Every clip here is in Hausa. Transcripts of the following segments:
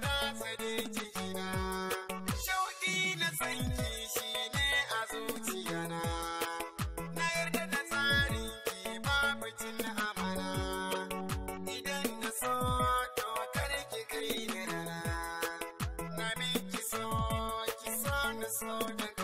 ratsa da jikina shauƙi na sanki shi ne a zuciyana na yarda da tsarin ki babu cin amana idan na so to ki kai ni rana na miki so ki so na so da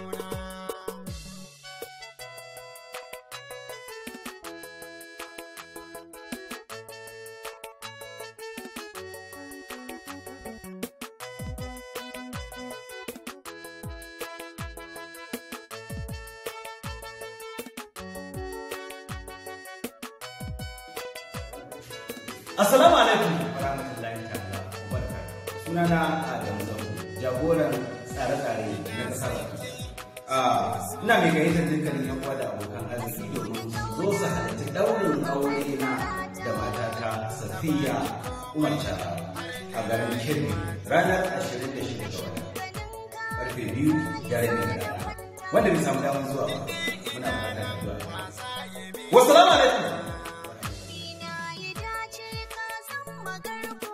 Assalamu alaikum. Sunana Adam Zawo, jagoran tsare-tsare na kasar ah, Ina mai gayyatar dukkanin yan uwa da abokan arziki domin zo su halarci daurin aure na da matata Safiya Umar Chara a garin Kebbi ranar 26 ga wata. Karfe biyu da rabi na rana. Wanda bai samu damar zuwa ba. my girl.